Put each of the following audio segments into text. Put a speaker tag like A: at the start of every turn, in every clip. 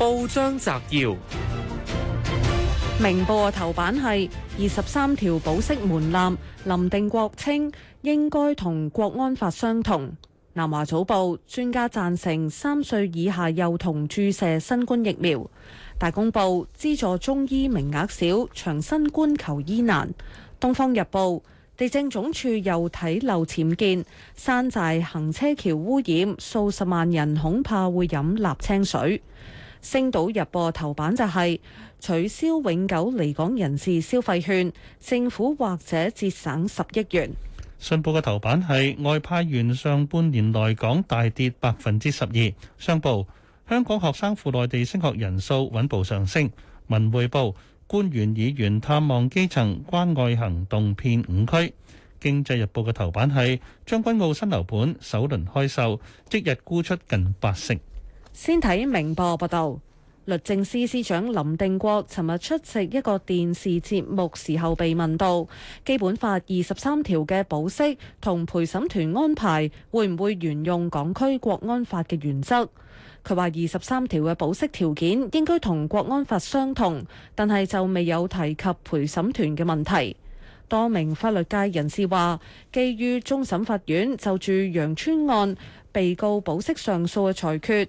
A: 報章摘要：
B: 明報嘅頭版係二十三條保釋門檻，林定國稱應該同國安法相同。南華早報專家贊成三歲以下幼童注射新冠疫苗。大公報資助中醫名額少，長新冠求醫難。東方日報地政總署又睇漏僭建山寨行車橋污染，數十萬人恐怕會飲立清水。星島日報頭版就係取消永久離港人士消費券，政府或者節省十億元。
A: 信報嘅頭版係外派員上半年來港大跌百分之十二。商報香港學生赴內地升學人數穩步上升。文匯報官員議員探望基層關愛行動遍五區。經濟日報嘅頭版係將軍澳新樓盤首輪開售，即日沽出近八成。
B: 先睇明報報道，律政司司長林定國尋日出席一個電視節目時候被問到《基本法》二十三條嘅保釋同陪審團安排會唔會沿用港區國安法嘅原則？佢話二十三條嘅保釋條件應該同國安法相同，但係就未有提及陪審團嘅問題。多名法律界人士話，基於終審法院就住楊川案被告保釋上訴嘅裁決，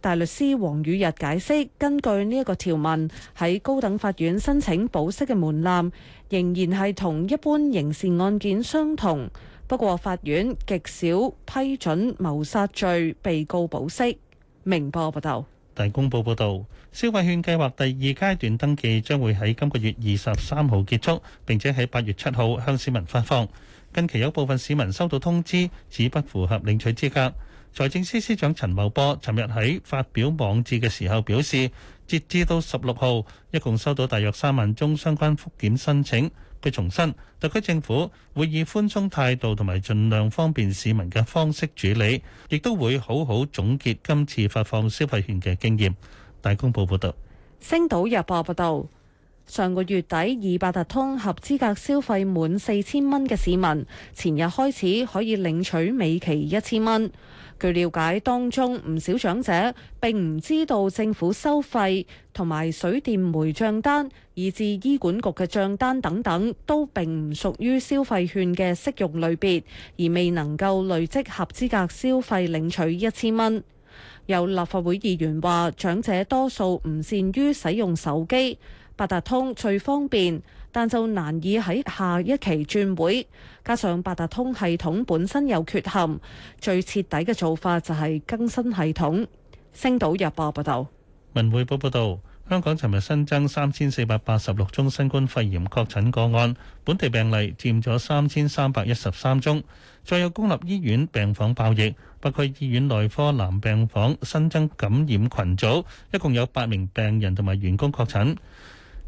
B: 大律師黃宇日解釋：根據呢一個條文，喺高等法院申請保釋嘅門檻仍然係同一般刑事案件相同，不過法院極少批准謀殺罪被告保釋。明報報導，
A: 大公報報導，消費券計劃第二階段登記將會喺今個月二十三號結束，並且喺八月七號向市民發放。近期有部分市民收到通知，指不符合領取資格。財政司司長陳茂波尋日喺發表網誌嘅時候表示，截至到十六號，一共收到大約三萬宗相關復檢申請。佢重申，特區政府會以寬鬆態度同埋盡量方便市民嘅方式處理，亦都會好好總結今次發放消費券嘅經驗。大公報報導，
B: 《星島日報》報導。上個月底，以八達通合資格消費滿四千蚊嘅市民，前日開始可以領取每期一千蚊。據了解，當中唔少長者並唔知道政府收費同埋水電煤帳單，以至醫管局嘅帳單等等都並唔屬於消費券嘅適用類別，而未能夠累積合資格消費領取一千蚊。有立法會議員話：長者多數唔善於使用手機。八達通最方便，但就難以喺下一期轉會。加上八達通系統本身有缺陷，最徹底嘅做法就係更新系統。星島日報報道，
A: 文匯報報道，香港尋日新增三千四百八十六宗新冠肺炎確診個案，本地病例佔咗三千三百一十三宗。再有公立醫院病房爆疫，包括醫院內科男病房新增感染群組，一共有八名病人同埋員工確診。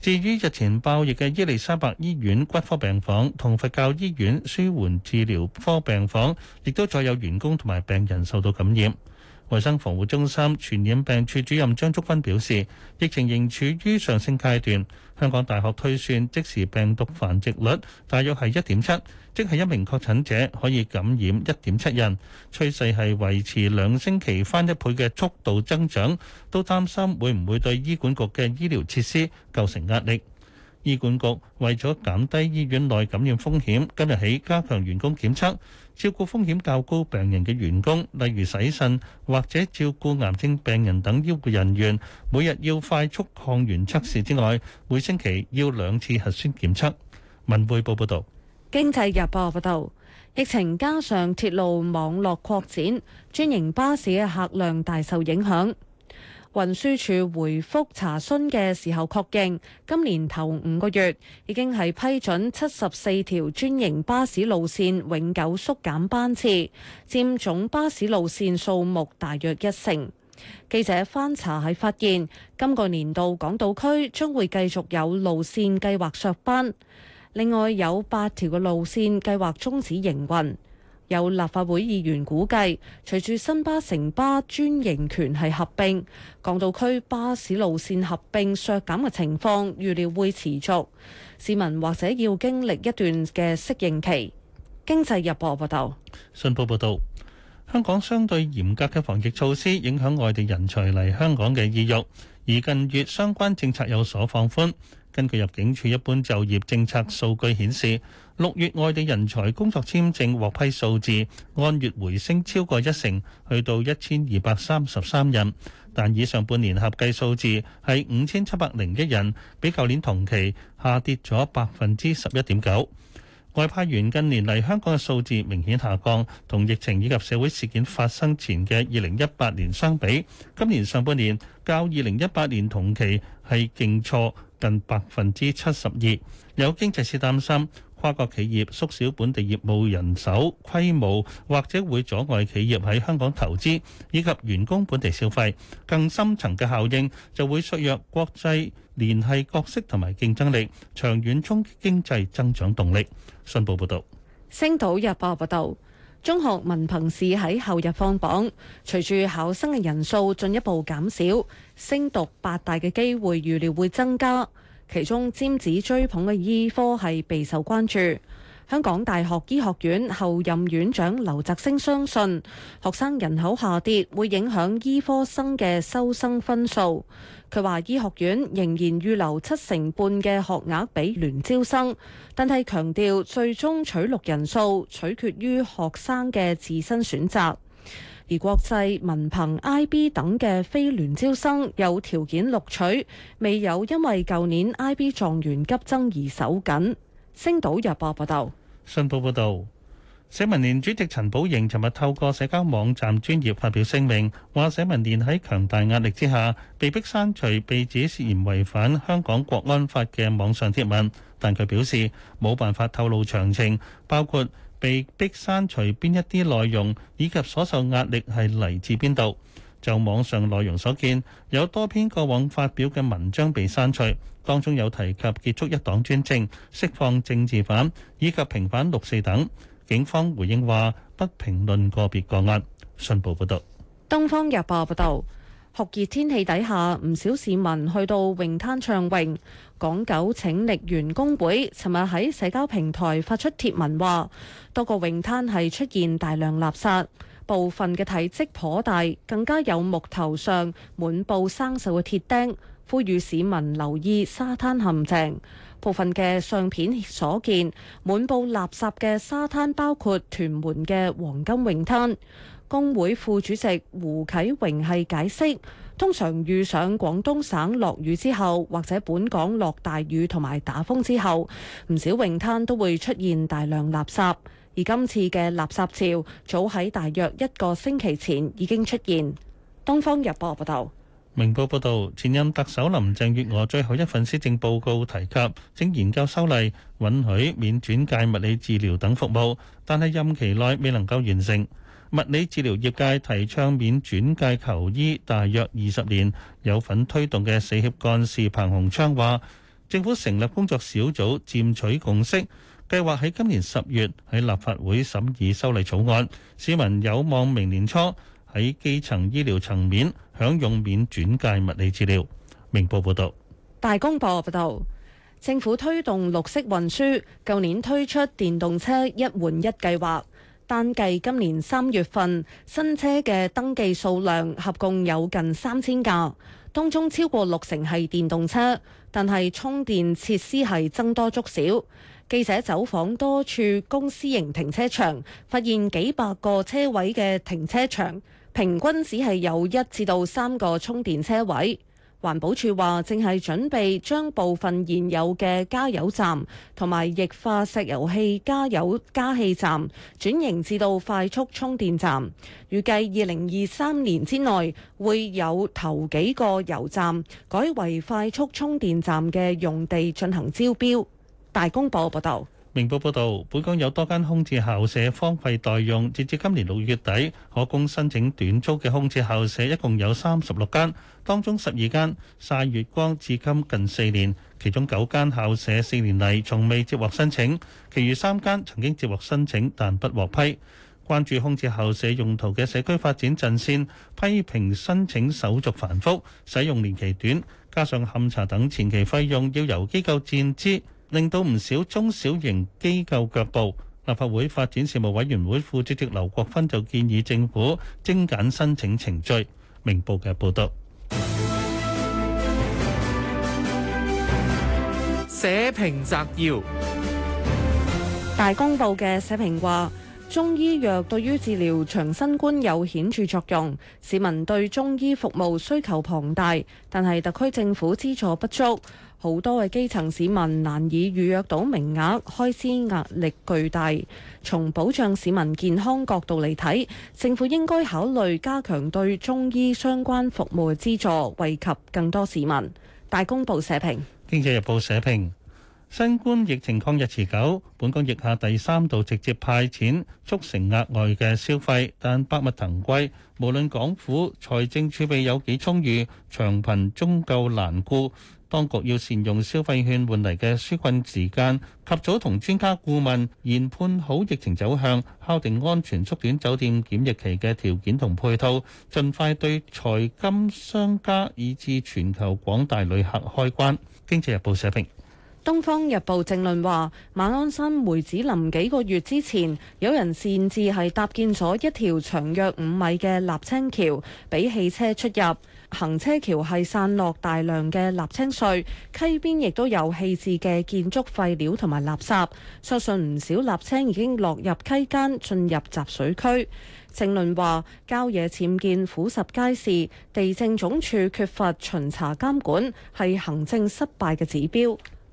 A: 至於日前爆疫嘅伊利沙伯醫院骨科病房同佛教醫院舒緩治療科病房，亦都再有員工同埋病人受到感染。衞生防護中心傳染病處主任張竹君表示，疫情仍處於上升階段。香港大學推算即時病毒繁殖率大約係一點七，即係一名確診者可以感染一點七人。趨勢係維持兩星期翻一倍嘅速度增長，都擔心會唔會對醫管局嘅醫療設施構成壓力。醫管局為咗減低醫院內感染風險，今日起加強員工檢測。照顧風險較高病人嘅員工，例如洗腎或者照顧癌症病人等醫護人員，每日要快速抗原測試之外，每星期要兩次核酸檢測。文匯報報道，
B: 經濟日報報道，疫情加上鐵路網絡擴展，專營巴士嘅客量大受影響。運輸署回覆查詢嘅時候確認，確認今年頭五個月已經係批准七十四條專營巴士路線永久縮減班次，佔總巴士路線數目大約一成。記者翻查係發現，今個年度港島區將會繼續有路線計劃削班，另外有八條嘅路線計劃終止營運。有立法會議員估計，隨住新巴、城巴專營權係合併，港島區巴士路線合併削減嘅情況預料會持續，市民或者要經歷一段嘅適應期。經濟日報報道。
A: 信報報道，香港相對嚴格嘅防疫措施影響外地人才嚟香港嘅意欲。而近月相關政策有所放寬，根據入境處一般就業政策數據顯示，六月外地人才工作簽證獲批數字按月回升超過一成，去到一千二百三十三人，但以上半年合計數字係五千七百零一人，比舊年同期下跌咗百分之十一點九。外派員近年嚟香港嘅數字明顯下降，同疫情以及社會事件發生前嘅二零一八年相比，今年上半年較二零一八年同期係勁挫近百分之七十二。有經濟師擔心，跨國企業縮小本地業務人手規模，或者會阻礙企業喺香港投資，以及員工本地消費。更深層嘅效應就會削弱國際。聯繫角色同埋競爭力，長遠衝擊經濟增長動力。信報報道：
B: 星島日報報道，中學文憑試喺後日放榜，隨住考生嘅人數進一步減少，升讀八大嘅機會預料會增加。其中尖子追捧嘅醫科系備受關注。香港大學醫學院後任院長劉澤星相信，學生人口下跌會影響醫科生嘅收生分數。佢話醫學院仍然預留七成半嘅學額俾聯招生，但係強調最終取錄人數取決於學生嘅自身選擇。而國際文憑 IB 等嘅非聯招生有條件錄取，未有因為舊年 IB 狀元急增而手緊。星島日報報道。
A: 信報報導，社民連主席陳寶瑩尋日透過社交網站專業發表聲明，話社民連喺強大壓力之下，被迫刪除被指涉嫌違反香港國安法嘅網上貼文。但佢表示冇辦法透露詳情，包括被逼刪除邊一啲內容，以及所受壓力係嚟自邊度。就網上內容所見，有多篇過往發表嘅文章被刪除，當中有提及結束一黨專政、釋放政治犯以及平反六四等。警方回應話不評論個別個案。信報報
B: 道。東方日報報道，酷熱天氣底下，唔少市民去到泳灘暢泳。港九請力員工會尋日喺社交平台發出帖文話，多個泳灘係出現大量垃圾。部分嘅體積頗大，更加有木頭上滿布生鏽嘅鐵釘，呼籲市民留意沙灘陷阱。部分嘅相片所見，滿布垃圾嘅沙灘包括屯門嘅黃金泳灘。工會副主席胡啟榮係解釋，通常遇上廣東省落雨之後，或者本港落大雨同埋打風之後，唔少泳灘都會出現大量垃圾。而今次嘅垃圾潮早喺大約一個星期前已經出現。東方日報報道，
A: 明報報道，前任特首林鄭月娥最後一份施政報告提及，正研究修例允許免轉介物理治療等服務，但係任期內未能夠完成。物理治療業界提倡免轉介求醫，大約二十年有份推動嘅四協幹事彭洪昌話，政府成立工作小組，佔取共識。計劃喺今年十月喺立法會審議修例草案，市民有望明年初喺基層醫療層面享用免轉介物理治療。明報報道，
B: 大公報報道，政府推動綠色運輸，舊年推出電動車一換一計劃，單計今年三月份新車嘅登記數量合共有近三千架，當中超過六成係電動車，但係充電設施係增多足少。記者走訪多處公私營停車場，發現幾百個車位嘅停車場，平均只係有一至到三個充電車位。環保署話，正係準備將部分現有嘅加油站同埋液化石油氣加油加氣站轉型至到快速充電站，預計二零二三年之內會有頭幾個油站改為快速充電站嘅用地進行招標。大公報報道，
A: 明報報道，本港有多間空置校舍荒廢待用。截至今年六月底，可供申請短租嘅空置校舍一共有三十六間，當中十二間曬月光，至今近四年，其中九間校舍四年嚟從未接獲申請，其餘三間曾經接獲申請但不獲批。關注空置校舍用途嘅社區發展陣線批評申請手續繁複，使用年期短，加上勘查等前期費用要由機構墊資。令到唔少中小型機構腳步，立法會發展事務委員會副主席劉國勳就建議政府精簡申請程序。明報嘅報道。社評摘要，
B: 大公報嘅社評話。中醫藥對於治療長新冠有顯著作用，市民對中醫服務需求龐大，但係特區政府資助不足，好多嘅基層市民難以預約到名額，開支壓力巨大。從保障市民健康角度嚟睇，政府應該考慮加強對中醫相關服務嘅資助，惠及更多市民。大公報社評，
A: 《經濟日報》社評。新冠疫情抗日持久，本港疫下第三度直接派錢促成額外嘅消費，但百物騰貴，無論港府財政儲備有幾充裕，長貧終究難顧。當局要善用消費券換嚟嘅紓困時間，及早同專家顧問研判好疫情走向，敲定安全縮短酒店檢疫期嘅條件同配套，盡快對財金商家以至全球廣大旅客開關。經濟日報社評。
B: 《東方日報》正論話，馬鞍山梅子林幾個月之前有人擅自係搭建咗一條長約五米嘅瀝青橋，俾汽車出入。行車橋係散落大量嘅瀝青碎，溪邊亦都有棄置嘅建築廢料同埋垃圾。相信唔少瀝青已經落入溪澗，進入集水區。正論話，郊野僭建俯拾皆是，地政總署缺乏巡查監管，係行政失敗嘅指標。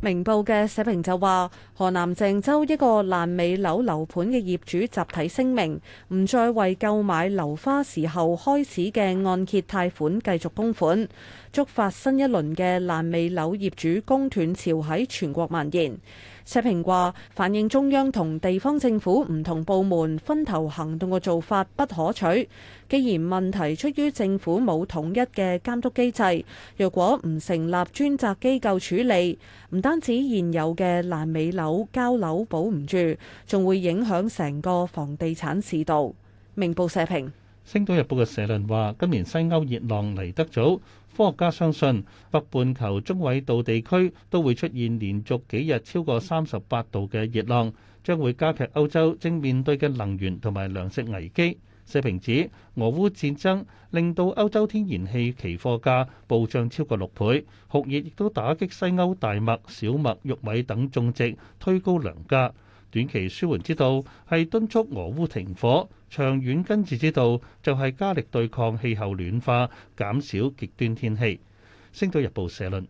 B: 明報嘅社評就話：河南鄭州一個爛尾樓樓盤嘅業主集體聲明，唔再為購買樓花時候開始嘅按揭貸款繼續供款，觸發新一輪嘅爛尾樓業主供斷潮喺全國蔓延。社評話：反映中央同地方政府唔同部門分頭行動嘅做法不可取。既然問題出於政府冇統一嘅監督機制，若果唔成立專責機構處理，唔單止現有嘅爛尾樓交樓保唔住，仲會影響成個房地產市道。明報社評。《
A: 星島日報》嘅社論話：今年西歐熱浪嚟得早，科學家相信北半球中緯度地區都會出現連續幾日超過三十八度嘅熱浪，將會加劇歐洲正面對嘅能源同埋糧食危機。社評指俄烏戰爭令到歐洲天然氣期貨價暴漲超過六倍，酷熱亦都打擊西歐大麥、小麥、玉米等種植，推高糧價。短期舒緩之道係敦促俄烏停火。長遠根治之道就係加力對抗氣候暖化，減少極端天氣。星島日報社論。